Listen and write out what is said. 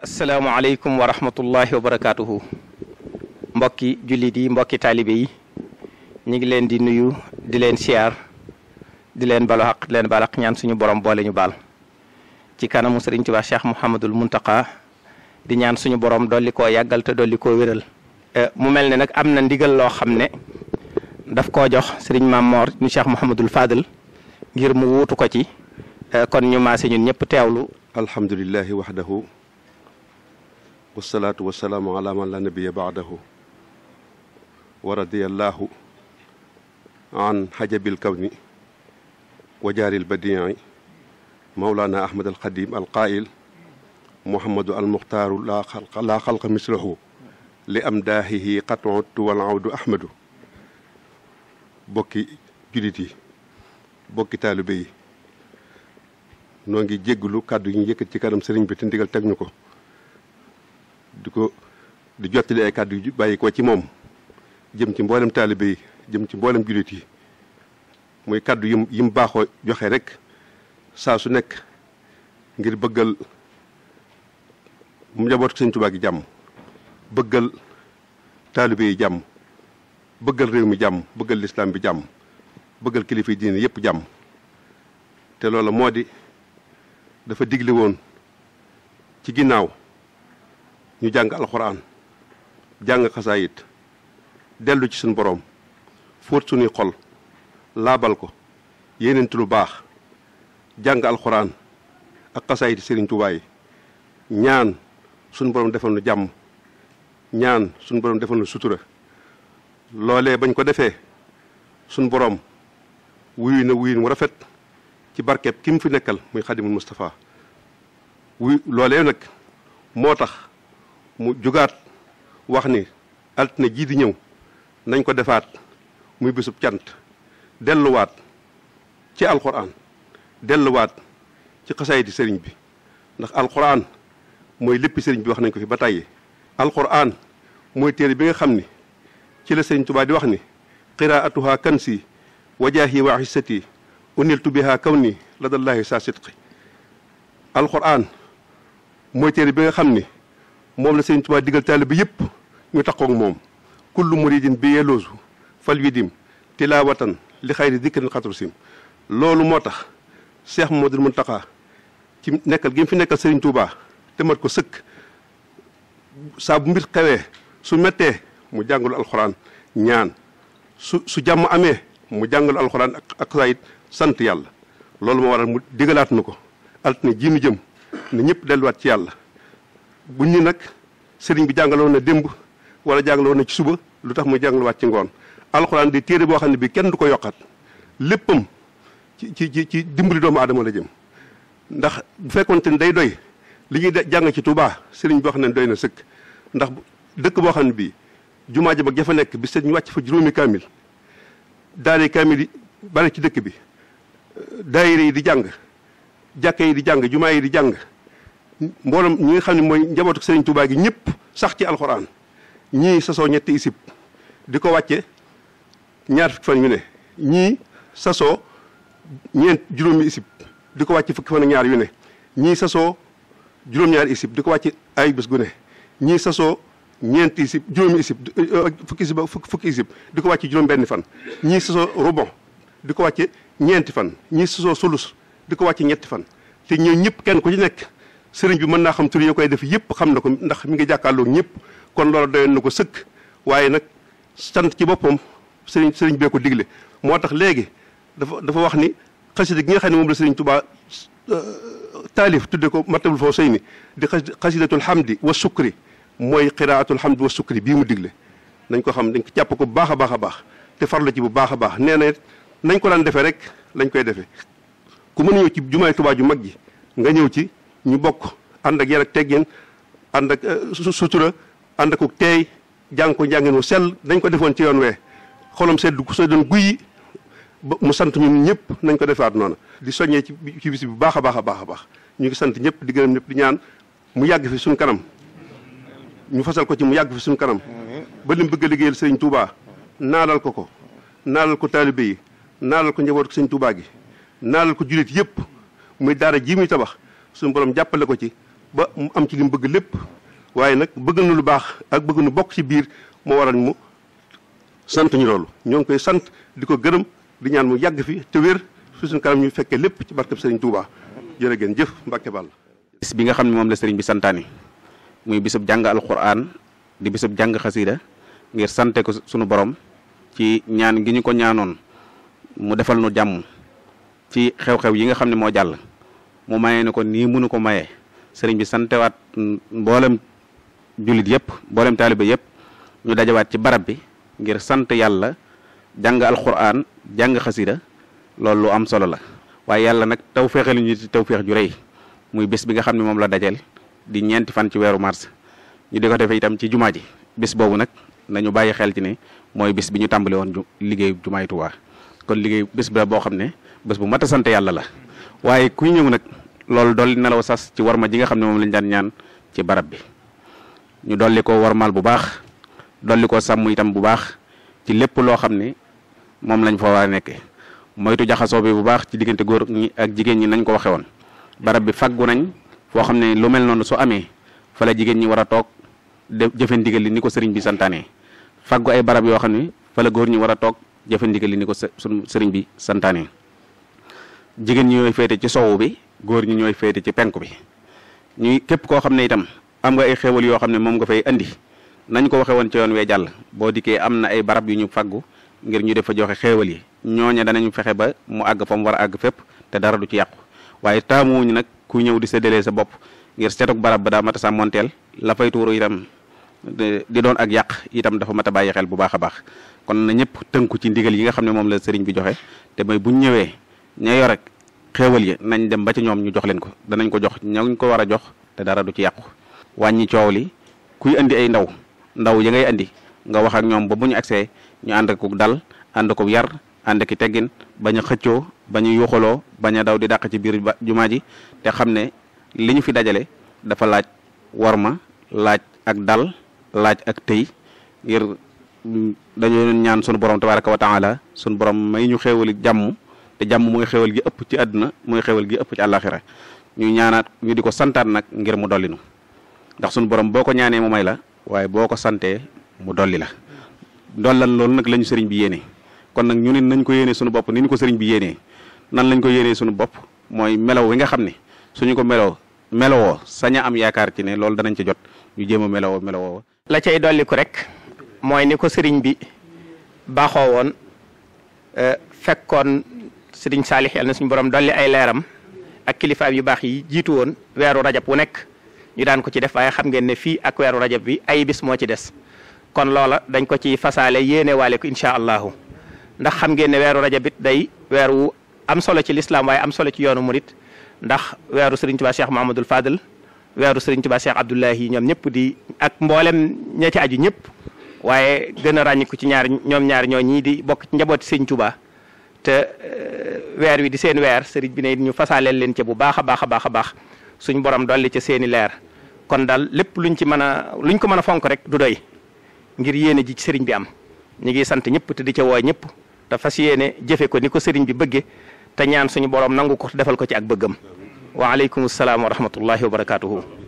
asalaamaaleykum wa rahmatullahi wa barakaatuhu mbokki jullit yi mbokki taalibe yi ñu ngi leen di nuyu di leen siyaar di leen balu xaq leen baal xaq ñaan suñu borom boole ñu baal ci kanamu sëriñ Tuubaa Cheikh Mouhamadul Muntaqa di ñaan suñu borom dolli koo yàggal te dolli koo wéral eh, mu mel ne nag am na ndigal loo xam ne daf koo jox sëriñ Maam Moor ñu Cheikh Mouhamadul Fadal ngir mu wuutu ko ci eh, kon ñu maase ñun ñëpp teewlu alhamdulillahi wahdahu wasalaatu wasalaamu ala man la nabiya baadahu wa radiyallahu an xajabil kawni wa jaaril badii mawlaana laa xalqa laa li am daahihi xatootu wal awdu ahmadu bokki julit yi bokki taalibe yi noo ngi jégglu kàddu yi ñu yëkkat ci kanam sëriñ bi te ndigal teg ñu ko di ko di jottali ay kàddu yu bàyyi ko ci moom jëm ci mboolem taalibe yi jëm ci mboolem jullit yi muy kàddu yim yim baaxoo joxe rek saa su nekk ngir bëggal mu njaboot Sëñ Tuubaa gi jàmm bëggal taalibe yi jàmm bëggal réew mi jàmm bëggal lislaam bi jàmm bëggal kilifa yi diine yépp jàmm te loola moo di dafa digle woon ci ginnaaw ñu jàng alxuraan jàng xasaayit dellu ci suñ boroom fóot suñuy xol laabal ko yéenent lu baax jàng alxuraan ak xasaayit Sëriñ Tuubaa ñaan suñ boroom defal nu jàmm ñaan suñ boroom defal nu sutura loolee bañ ko defee suñu boroom wuyu na wuyin mu rafet ci barkeeb ki mu fi nekkal muy xadimul Moustapha wuy loolee nag moo tax mu jugaat wax ni altine jii di ñëw nañ ko defaat muy bésub cant delluwaat ci alxuraan delluwaat ci xasaayiti sëriñ bi ndax alxuraan mooy léppi sëriñ bi wax nañ ko fi ba tàyyi alxuraan mooy téere bi nga xam ni ci la sëriñ Tuubaa di wax ni kan si qiraatuha kansi wajaahi wa xissati uniltu biha kawni ladallaahi saa sidqi alxuraan mooy téere bi nga xam ni moom la Sëriñ Tuubaa digal taalibe yëpp ñu takkoog moom kullu muridin bi yelloosu fal widim tilaawatan li xayri dikrin xatru sim loolu moo tax moo Cheikh mu Mountakha ci nekkal gi mu fi nekkal Sëriñ Tuubaa te mat ko sëkk saa bu mbir xewee su mettee mu jàngalu alxuraan ñaan su su jàmm amee mu jàngalu alxuraan ak ak sayit sant yàlla loolu moo waral mu digalaat na ko altine ji nu jëm ne ñëpp delluwaat ci yàlla bu ñu nag sëriñ bi jàngaloon na démb wala jàngaloon na ci suba lu tax muy jàngaluwaat ci ngoon alxuraan di téere boo xam ne bi kenn du ko yokkaat léppam ci ci ci dimbali doomu aadama la jëm ndax bu fekkoonte ne day doy li ñuy jàng ci tubaa sëriñ boo xam ne doy na sëkk ndax dëkk boo xam ne bi jumaa ja ba jafa nekk bi sëriñ wàcc fa juróomi kaamil daare kaamil yi ci dëkk bi daayira yi di jàng jàkka yi di jàng jumaa yi di jàng mboolem ñi nga xam ne mooy njabootu Serigne Touba gi ñëpp sax ci alxuraan ñii sasoo ñetti isib di ko wàcce ñaar fukki fan yu ne ñii sasoo ñeent juróomi isib di ko wàcce fukki fan ak ñii sasoo juróom-ñaari isib di ko wàcce ay bés gu ne ñii sasoo ñeent isib juróomi isib euh, fukki isib fukki isib di ko wàcce juróom benni fan ñii sasoo rubon di ko wàcce ñeenti fan ñii sasoo sulus di ko wàcce ñetti fan te ñoo ñëpp kenn ku ci nekk sëriñ bi mën naa xam tur yi koy def yëpp xam na ko ndax mi ngi jàkkaarloo ñëpp kon loolu doyoon na ko sëkk waaye nag sant ci boppam sëriñ sëriñ bee ko digle moo tax léegi dafa dafa wax ni xasida gi nga xam ne moom la sëriñ Tuubaa euh, taalif tudde ko Matlabul Fawzayni di xam di wa sukri mooy xiraatul hamdi wa sukri bii mu digle nañ ko xam dañ ko jàpp ko bu baax a baax a baax te farlu ci bu baax a baax nee na nañ ko daan defee rek lañ koy defee ku mën a ci jumaay Tuubaa mag ji nga ñëw ci ñu bokk ànd ak yar ak teggin ànd ak eh, sutura ànd ak teey jàng ko njàngin wu sell dañ ko defoon ci yoon wee xolam seddu sa doon guy mu sant ñun ñëpp nañ ko defaat noonu di soññee ci ci bis bu baax a baax a baax a baax ñu ngi sant ñëpp di gërëm ñëpp di ñaan mu yàgg fi suñu kanam ñu fasal ko ci mu yàgg fi suñu kanam ba lim bëgg a liggéeyal sëriñ Touba naalal ko ko naalal ko taalibe yi naalal ko njaboot ko sëriñ Touba gi naalal ko jullit yëpp muy daara ji muy tabax suñu borom jàppale ko ci ba mu am ci li mu bëgg lépp waaye nag bëgg na lu baax ak bëgg nu bokk ci biir moo waral mu sant loolu ñoo ngi koy sant di ko gërëm di ñaan mu yàgg fi te wér su suñu kanam ñu fekkee lépp ci barkeb Serigne Touba jërë ngeen jëf Mbacke Ball. bis bi nga xam ne moom la Serigne bi santaani muy bisub jàng alquran di bisub jàng xasida ngir sante ko sunu borom ci ñaan gi ñu ko ñaanoon mu defal nu jàmm ci xew-xew yi nga xam ne moo jàll. mu maye na ko nii munu ko maye sëriñ bi santewaat mboolem jullit yëpp mboolem taaliba yëpp ñu dajawaat ci barab bi ngir sant yàlla jàng alquran jàng xasida loolu lu am solo la waaye yàlla nag taw féexali ñu ci taw féex ju rëy muy bés bi nga xam ne moom la dajeel di ñeenti fan ci weeru mars ñu di ko defee itam ci jumaa ji bés boobu nag nañu bàyyi xel ci ne mooy bis bi ñu tàmbali woon ju liggéey jumaay Tuubaa kon liggéey bés bi la boo xam ne bés bu mat a sant yàlla la waaye kuy ñëw nag loolu dolli na law sas ci warma ji nga xam ne moom lañ daan ñaan ci barab bi ñu dolli ko warmaal bu baax dolli ko sàmm itam bu baax ci lépp loo xam ne moom lañ fa war a nekkee moytu jaxasoo bi bu baax ci diggante góor ñi ak jigéen ñi nañ ko waxe woon barab bi faggu nañ foo xam ne lu mel noonu su amee fa la jigéen ñi war a toog de jëfe ndigal li ni ko sëriñ bi santaane faggu ay barab yoo xam ne fa la góor ñi war a toog jëfe li ni ko sëriñ bi santaane jigéen ñi ñooy féete ci sowu bi góor ñi ñooy féete ci penk bi ñuy képp koo xam ne itam am nga ay xéewal yoo xam ne moom nga fay indi nañ ko waxe woon ci yoon wee jàll boo dikkee am na ay barab yu ñu faggu ngir ñu def fa joxe xéewal yi ñooña danañ fexe ba mu àgg fa mu war a àgg fépp te dara du ci yàqu waaye taamuwuñu nag ku ñëw di séddalee sa bopp ngir seetug barab ba daa mat a sàmmonteel la fay tuuru itam di doon ak yàq itam dafa mat a bàyyi xel bu baax a baax kon na ñëpp tënku ci ndigal yi nga xam ne moom la sëriñ bi joxe te mooy buñ ñëwee ña yor rek xéewal yi nañ dem ba ci ñoom ñu jox leen ko danañ ko jox ñooñ ko war a jox te dara du ci yàqu wàññi coow li kuy indi ay ndaw ndaw ya ngay andi nga wax ak ñoom ba bu ñu agsee ñu ànd ko dal ànd ko yar ànd ki teggin bañ a xëccoo bañ a yuuxaloo bañ a daw di dàq ci biir jumaa ji te xam ne li ñu fi dajale dafa laaj ma laaj ak dal laaj ak tey ngir dañoo ñaan sunu borom tabaraka wa taala sunu borom may ñu xéewali jàmm te jàmm mooy xewal gi ëpp ci àdduna mooy xewal gi ëpp ci àllaaxira ñu ñaanaat ñu di ko santaat nag ngir mu dollinu ndax suñu borom boo ko ñaanee mu may la waaye boo ko santee mu dolli la dollan loolu nag lañu sëriñ bi yéene kon nag ñu ne nañ ko yéene suñu bopp ni ñu ko sëriñ bi yéenee nan lañ ko yéenee suñu bopp mooy melow wi nga xam ne suñu ko melaw melawoo sa a am yaakaar ci ne loolu danañ ci jot ñu jéem a melawoo melawoo la cay dolliku rek mooy ni ko sëriñ saali xeel na suñ borom dolli ay leeram ak kilifaam yu baax yi jiitu woon weeru rajab wu nekk ñu daan ko ci def waaye xam ngeen ne fii ak weeru rajab bi ay bis moo ci des kon loola dañ ko ci fasaale yéene waale ko incha allahu ndax xam ngeen ne weeru rajab it day weeru am solo ci lislaam waaye am solo ci yoonu murit ndax weeru sëriñ Tuubaa Cheikh Mahamadul fadal weeru sëriñ Tuubaa Cheikh Abdoulahi ñoom ñëpp di ak mboolem ña ci aju ñëpp waaye gën a ràññiku ci ñaar ñoom ñaar ñoo ñii di bokk ci njabooti sëriñ Tuubaa te eh, weer wi di seen weer sëriñ bi ne ñu fasaaleel leen ca bu baax a baax a baax a baax suñ borom dolli ca seeni leer kon daal lépp luñ ci mën a luñ ko mën a fonk rek du doy ngir yéene ji ci sëriñ bi am ñu ngi sant ñëpp te di ca woo ñëpp te fas yéene jëfe ko ni ko sëriñ bi bëgge te ñaan suñu borom nangu ko defal ko ci ak bëggam waaleykum salaam wa rahmatullahi wa barakaatuhu